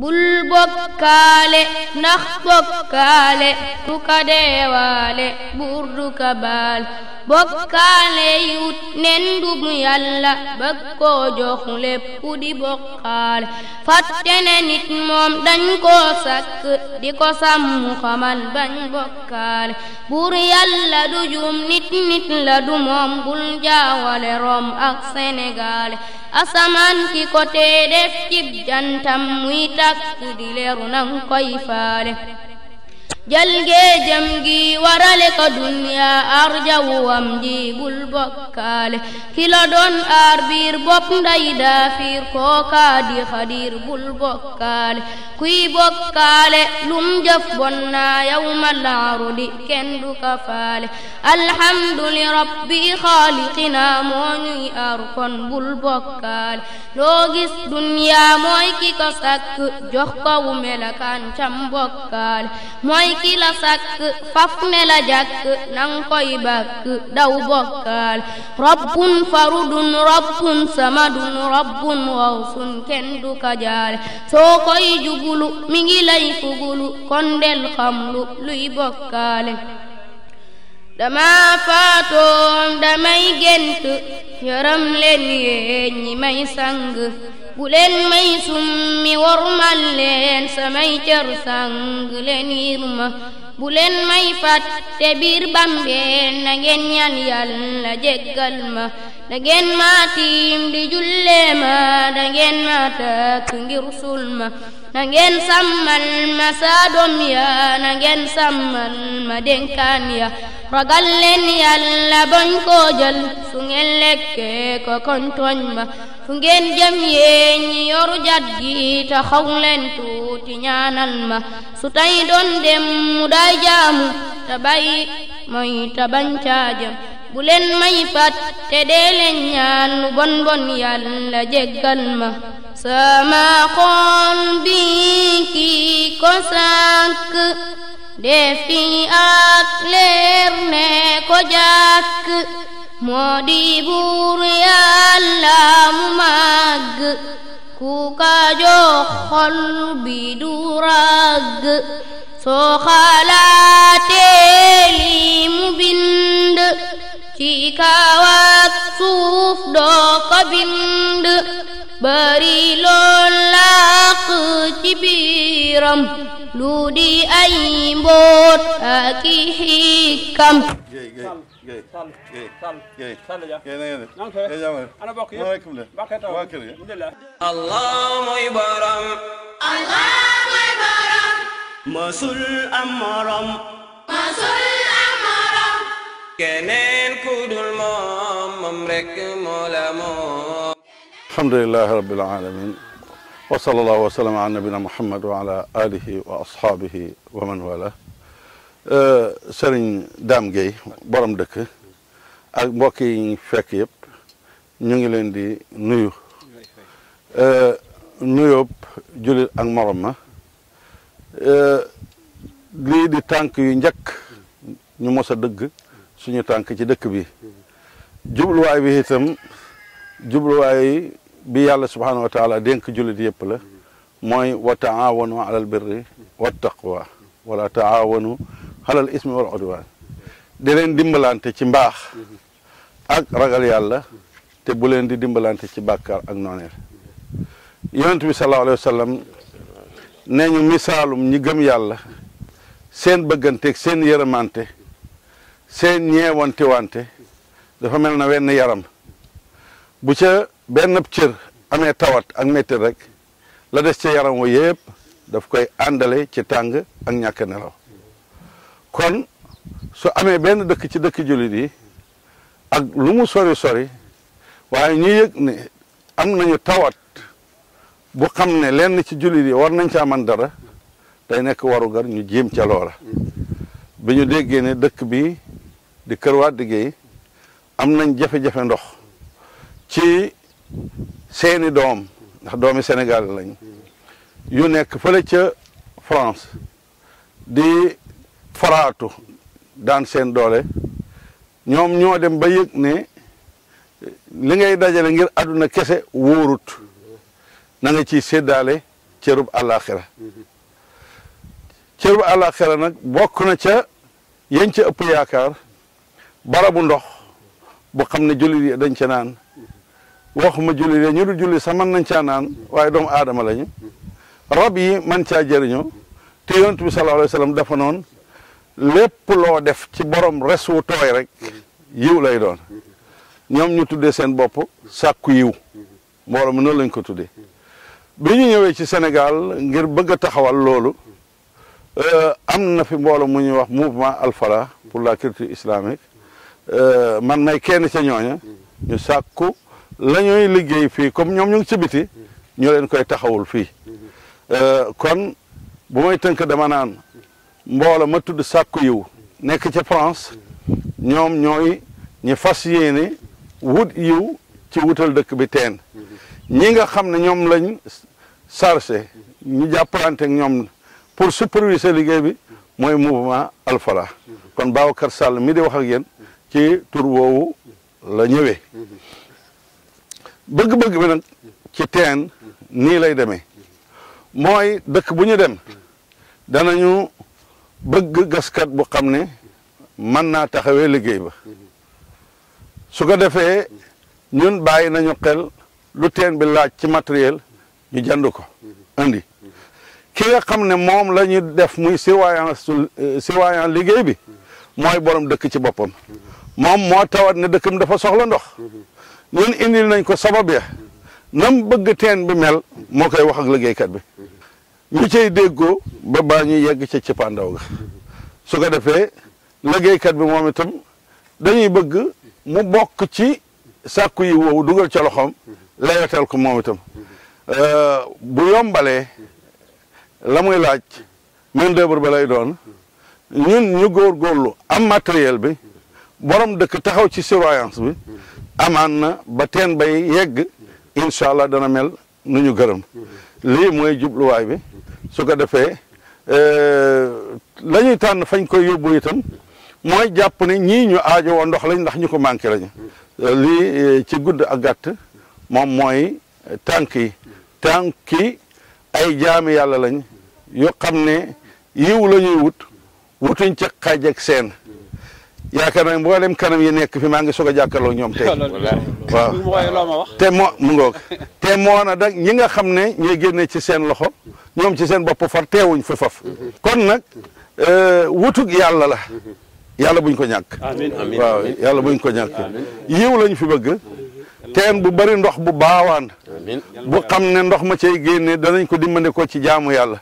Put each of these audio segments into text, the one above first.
bul bokkaale ndax bokkaale du ka deewaale buur du ka baal bokkaley nenndum yalla bakko jox leppudi bokkaale fattene nit moom dañ koo sakk di ko sammu xaman bañ bokkaale bur yalla dujum nit nit la du moom bul jaawale rom ak senegaale asaman ki kotee def cib jantam muy takk di leeru nan koy faale jël géejam gi warale ko duniya arjawam ji bul bokkaale ki la doon aar biir bopp nday daafiir kookaa di xadiir bul bokkaale kuy bokkaale lum jëf bon naa yawmal arudi kenn du kafaale alhamdu li rabbi xaaliqina moo ñuy aar kon bul bokkaale loo duniya mooy ki ko jox ko wu melakaan cam bokkaale mooy mooy ki la sàkk nang koy bàkk daw bokkaal rabbun farudun rabbun samadun rabbun wawsun kenn du ka soo koy jubulu mi ngi lay fugulu kon del lu luy bokkaale dama faatoon damay gént yërëm leen yéen ñi may sang bu leen may summi wormal leen samay cër sang leen yirma bu leen may fàtte biir bambeen na ngeen ñaan yàlla jéggal ma da ngeen ma tiim di jullee ma da ngeen ma takk ngir sul ma na ngeen sàmmal ma saa doom ya na ngeen ma dénkaan ya ragal leen yàlla bañ koo jël su ngeen lekkee ko kon tooñ ma fu ngeen jëm yee ñi yoru jat gi te tuuti ñaanal ma su tey doon dem mu day jaamu te bàyyi mooy te bañ caa bu leen may fat te dee leen ñaan bon bon yàlla jéggal ma sama xol ko sàkk def ak leer ne ko jàkk moo di buur yàlla mu màgg ku ka jox xol bi du ràgg soo xalaatee mu bind ci kawaak suuf doo ko bind bari lool làq ci biiram lu di ay mboot ak i xikkam allah mooy borom allah mooy borom masul am morom masul keneen ku dul moom moom rek moo la moom alhamdulilah rabbil alamin wa sallallahu wa sallam ala nabina muhammad wa ala alihi wa ashaabihi wa man wala sëriñ Dame Gueye borom dëkk ak mbokk yi ñu fekk yëpp ñu ngi leen di nuyu nuyób julit ak morom ma lii di tànk yu njëkk ñu mos a dëgg suñu tànk ci dëkk bi jubluwaay bi itam jubluwaay bi yàlla subhaanahu wa taala dénk jullit yëpp la mooy wa taawanu alal birri wa taqwa wala taawanu alal ismi wal udwaan di leen dimbalante ci mbaax ak ragal yàlla te bu leen di dimbalante ci bàkkaar ak nooneel yonent bi sallallahu alayhi wa nee ñu misaalum ñi gëm yàlla seen bëgganteeg seen yërëmante seen ñeewante wante dafa mel na wenn yaram bu ca benn cër amee tawat ak mettir rek la des ci yaram wa yëpp daf koy àndale ci tàng ak ñàkk nelaw kon su amee benn dëkk ci dëkk jullit yi ak lu mu sori sori waaye ñu yëg ne am nañu tawat bu xam ne lenn ci jullit yi war nañ ca man dara day nekk warugar ñu jéem ca loola bi ñu déggee ne dëkk bi di kër waa diggéey am nañ jafe-jafe ndox ci seeni doom ndax doomi Sénégal lañ yu nekk fële ca France di faraatu daan seen doole ñoom ñoo dem ba yëg ne li ngay dajale ngir àdduna kese wóorut na nga ciy séddaale cërub àllaaxira cërub àllaaxira nag bokk na ca yañ ca ëpp yaakaar barabu ndox bo xamne ne jullit dañ ci naan waxuma julit yi ñu du julit sama nañ ci naan waaye doom adama lañu rabbi man ca jeriñu te yonent bi sallallahu alayhi wasallam dafa non lepp lo def ci borom resu toy rek yiw lay doon ñom ñu tuddé seen bop sakku yiw mbooloo na lañ ko tuddé biñu ñëwé ci Sénégal ngir bëgg taxawal loolu euh amna fi mbooloo mu ñu wax mouvement Al pour la culture islamique Euh, man may kenn ca ñooña mm. ñu sàkku la liggéey fii comme ñoom ñu ngi ci biti mm. ñu leen koy taxawul fii mm-hmm. euh, kon bu may tënk dama naan mboolo ma tudd sàkku yiw nekk ci France mm-hmm. ñoom ñooy ñi fas yéene wut yiw ci wutal dëkk bi teen mm-hmm. ñi nga xam ne ñoom lañ chargé ñu jàppalante ñoom pour superviser liggéey bi mooy mouvement Al Falah kon Babacar Sall mi di wax ak ci tur woowu la ñëwee bëgg-bëgg bi nag ci teen nii lay demee mooy dëkk bu ñu dem danañu bëgg gaskat bu xam ne mën naa taxawee liggéey ba su ko defee ñun bàyyi nañu xel lu teen bi laaj ci matériel ñu jënd ko andi ki nga xam ne moom la def muy si euh, surveillant liggéey bi mooy borom dëkk ci boppam moom moo tawat ne dëkkam dafa soxla ndox ñun indi nañ ko sabab ya nam bëgg teen bi mel moo koy wax ak liggéeykat bi ñu cay déggoo ba baa ñu yegg ci cëppaandaw ga su ko defee liggéeykat bi moom itam dañuy bëgg mu bokk ci sàkku yi wow dugal ca loxoom layotel ko moom itam euh, bu yombalee la muy laaj main d'œuvre ba lay doon ñun ñu góor góorgóorlu am matériel bi borom dëkk taxaw ci surveillance bi amaan na ba teen bay yegg incha allah dana mel nu ñu gërëm lii mooy jubluwaay bi su ko defee euh, la ñuy tànn fañ koy yóbbu itam mooy jàpp ni ñii ñu aajo woo ndox lañ ndax ñu ko manqué lañu lii euh, ci gudd ak gàtt moom mooy tànk yi tànk yi ay jaami yàlla lañ yoo xam ne yiw lañuy wut wutuñ ca xaaj ak seen yaakaar naa mboolem kanam yi nekk fi maa ngi soog a jàkkaarloo ñoom tey waaw te moo mu ngoog te moo na dag ñi nga xam ne ñooy génne ci seen loxo ñoom ci seen bopp far teewuñ fa faf kon nag euh, wutug yàlla la yàlla buñ ko ñàkk yàlla buñ ko ñàkk yiw lañ fi bëgg teen bu bari ndox bu baawaan bu xam ne ndox ma cay génne danañ ko dimbandikoo ci jaamu yàlla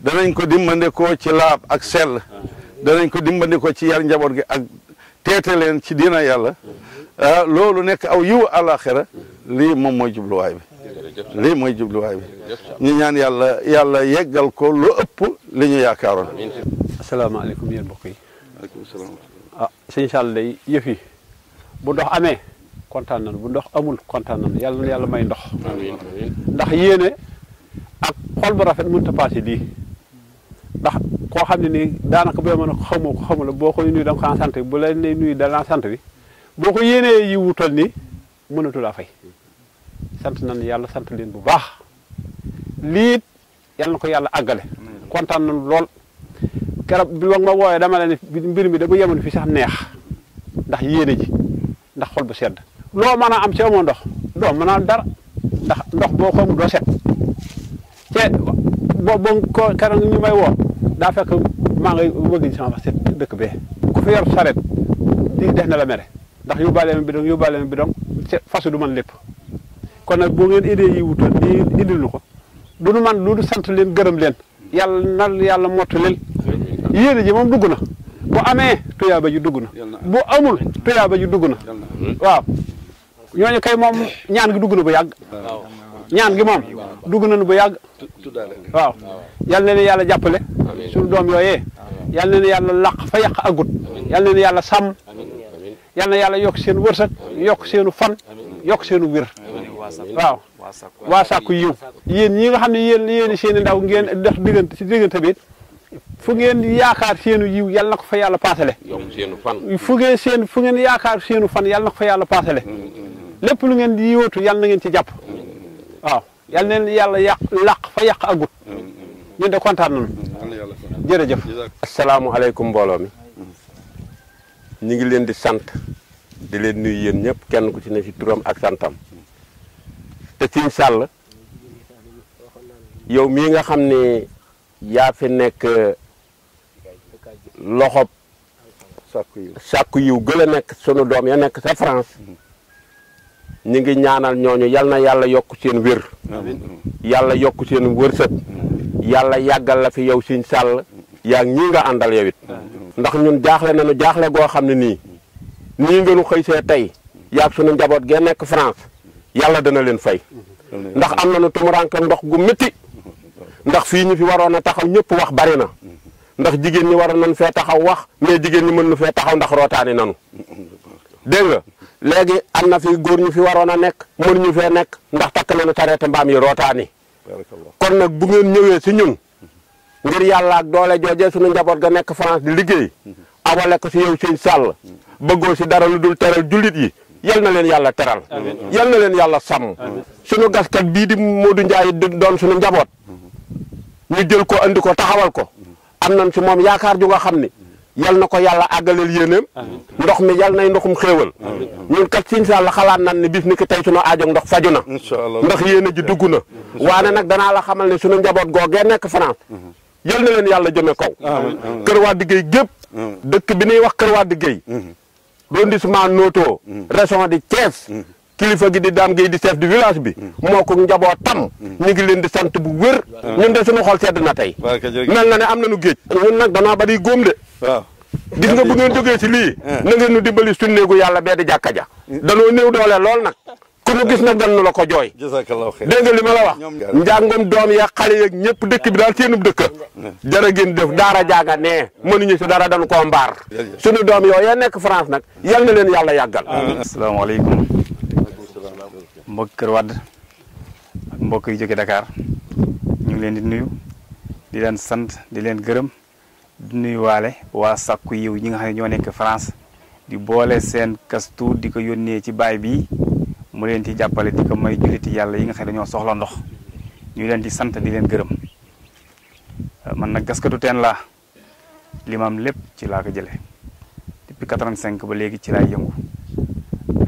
danañ ko dimbandikoo ci laab ak sell danañ ko ko ci yar njaboot gi ak teete leen ci diina yàlla ah, loolu nekk aw yiw àlaxira lii moom mooy jubluwaay bi lii mooy jubluwaay bi ñu ñaan yàlla yàlla yeggal ko lu ëpp li ñu yaakaaroon asalaamaaleykum yéen mbokk yi aleykum salaam ah sëñ Sall day bu ndox amee kontaan nañu bu ndox amul kontaan nañu yàlla yàlla may ndox ndax yéene ak xol bu rafet mënut a passé lii ndax koo xam ne nii daanaka boo mën a xamoo ko xamula boo koy nuyu da nga ko en sant bi bu la lay nuyu dala sant bi boo ko yéenee yi wutal nii mënatu laa fay sant nañu yàlla sant leen bu baax liit yal ko yàlla àggale kontaan nañu lool keroog bi wax ma wooyee dama ne mbir mi da bu yemoon fi sax neex ndax yéene ji ndax xol bu sedd loo mën a am ci ndox doo mën a am dara ndax ndox boo ko te bo ba ko keroog ñu may woo daa maa ngay bëgg ji sama set dëkk bee ku fi yor saret di def na la mere ndax yóbbaale ma bidong yóbbaale ma bidong fasu du man lépp kon nag boo ngeen idée yi wutoon nii indil nu ko du nu man lu du sant leen gërëm leen yàlla na yàlla mottu leen yéene ji moom dugg na bu amee tuyaaba ji dugg na amul tuyaaba ji dugg na waaw ñooñu kay moom ñaan gi dugg na bu yàgg ñaan gi moom dugg nañu ba yàgg waaw yal na ne yàlla jàppale doom yooyee yal na ne yàlla làq fa yàq agut yal na ne yàlla sàmm yal na yàlla yokk seen wërsëg yokk seenu fan yokk seenu wér waaw waa sàkku yiw yéen ñi nga xam ne yéen yéen seen i ndaw ngeen def diggante si diggante bi fu ngeen yaakaar seen yiw yal na ko fa yàlla paasale fu ngeen seen fu ngeen yaakaar seenu fan yal na ko fa yàlla paasale mm, mm, mm. lépp lu ngeen di yóotu yal na ngeen ci jàpp waaw yal neen yàlla yàq làq fa yàq agut mm-hmm. ñun de kontaan nañu mm-hmm. jërëjëf asalaamualeykum mbooloo mi mm-hmm. ñu ngi leen di sant di leen nuyu yéen ñëpp kenn ku ci ne turam ak santam te Sëñ Sall yow mii nga xam ni yaa fi nekk loxob sàkku yiw gëla nekk sunu doom ya nekk sa France ñu ngi ñaanal ñooñu yal na yàlla yokk seen wér yàlla yokk seen wërsëg yàlla yàggal la fi yow siñ sàll yaa ñii nga àndal yowit ndax ñun jaaxle na nañu jaaxle goo xam ne nii nii ngeen xëy see tey yaag suñu njaboot gee nekk France yàlla dana leen fay ndax am nañu tumuranke ndox gu métti ndax fii ñu fi waroon a taxaw ñëpp wax bari na ndax jigéen ñi waroon nañ fee taxaw wax mais jigéen ñi mën nu fee taxaw ndax rootaani nanu dégg léegi am na fi góor ñu fi waroon a nekk mënuñu fe nekk ndax takk nañu sareete mbaam yi rootaani kon nag bu ngeen ñëwee si ñun ngir yàlla ak doole joojee suñu njaboot ga nekk France di liggéey awale ko si yow sëñ Sall bëggoo si dara lu dul teral julit yi yal na leen yàlla teral yal na leen yàlla sàmm suñu gaskat bii di Modou Ndiaye di doon suñu njaboot ñu jël ko andi ko taxawal ko am nañ si moom yaakaar ju nga xam ni yal na ko yàlla àggaleel yéeneem ndox mi yal nay ndoxum xéewal ñun kat ci saal la xalaat nan ne bis ni ki tey sunu aajo ndox faju na ndax yéene ji dugg na waane nag danaa la xamal ne sunu njaboot googee nekk France mhm. yal na leen yàlla jëme kaw kër waa gépp mhm. dëkk bi nuy wax kër waa diggéey mhm. arrondissement Noto région de Thiès kilifa gi di daam géey di chef du village bi moo ko njabootam ñu ngi leen di sant bu wér ñun de suñu xol sedd na tey mel na waaw gis nga bu ngeen jógee ci lii eh. na ngeen nu dimbali suñu yàlla bee di jàkka ja hmm. danoo néew doole lool nag ku gis nag dan nu la ko jooy dégg nga li ma la wax doom ya xale yeeg ñëpp dëkk bi daal seenub dëkk hmm. jërë ngeen def dara jaaga nee mënuñu si dara dan koo mbaar suñu doom ya nekk France nag yal na leen yàlla yàggal asalaamaaleykum mbokk Kër Wàdd ak mbokk yi jóge Dakar ñu ngi leen di nuyu di leen sant di leen gërëm di nuyuwaale waa sàkku yiw ñi nga xam ne ñoo nekk France di boole seen kastu di ko yónnee ci baay bi mu leen ci jàppale di ko may julliti yàlla yi nga xam ne dañoo soxla ndox ñu leen di sant di leen gërëm euh, man nag gaskatu teen laa limaam lépp ci laa ko jële depuis 85 ba léegi ci laay yëngu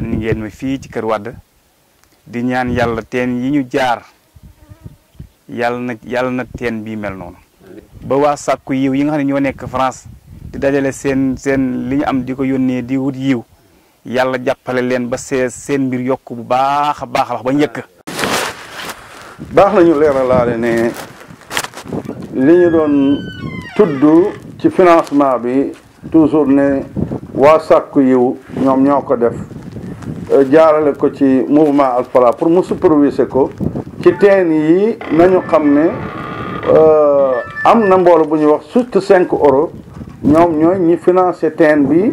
ni ngeen ma fii ci kër Wàdd di ñaan yàlla teen yi ñu jaar yàlla na yàlla na teen bii mel noonu ba waa sàkku yiw yi nga xam ne ñoo nekk France di dajale seen seen li ñu am di ko yónnee di wut yiw yàlla jàppale leen ba see seen mbir yokk bu baax a baax a ba njëkk baax nañu leeralaale ne li ñu doon tudd ci financement bi toujours ne waa sàkku yiw ñoom ñoo ko def euh, jaarale ko ci mouvement Al pour mu superviser ko ci teen yi nañu xam ne euh, am na mbooloo bu ñuy wax soute cinq euros ñoom ñooy ñi financé teen bi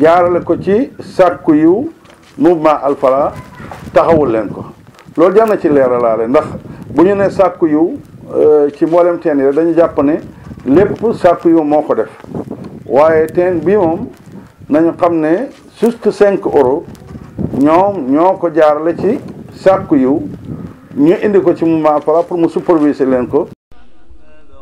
jaarale ko ci sàkku yiw mouvement alfala taxawul leen ko loolu jar na ci leeralaale ndax bu ñu ne sàkku yu euh, ci mboolem teen yi dañu jàpp ne lépp sàkku yu moo ko def waaye teen bi moom nañu xam ne juste cinq euro ñoom ñoo ko jaarale ci sàkku yu ñu indi ko ci mouvement alfala pour mu superviser leen ko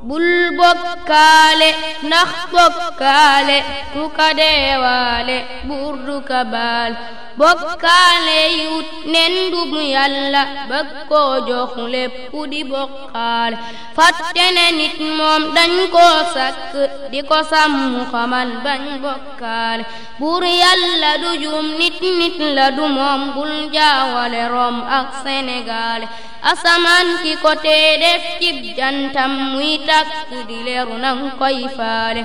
bul bokkaale ndax bokkaale ku ka deewaale buur du ka baal bokkaale yut nenndum yalla bakkojo hule pudi bokkaale fattene nit mom dañ ko sakk di ko sammuhaman bañ bokkaale bur yalla dujum nit nit ladu mom bul jawale rom ak senegale asaman ki kote def cib jantam muy takk di leru nan koy faale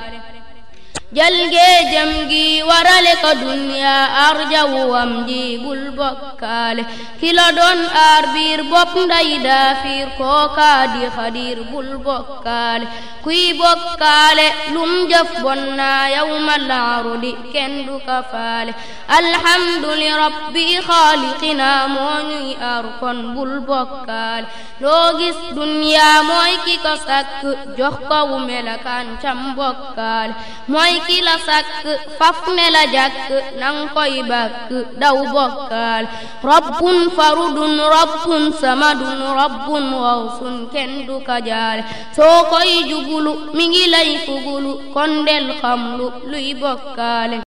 jël ngee jëm gi warale ko dunya arjawu am ji bul bokkaale ki la doon aar biir bopp nday daafiir kookaa di xadiir bul bokkaale kuy bokkaale lum jëf bon naa yawmal arudi kenn du kafaale alhamdu li rabbi xaaliqina moo ñuy aar kon bul bokkaale loo gis dunya ki ko jox ko wu melakaan cam bokkaale mooy mooy ki la sàkk faf ne la daw bokkaal rabbun farudun rabbun samadun rabbun wawsun kenn du ka jugulu mi ngi lay fugulu kon del bokkaale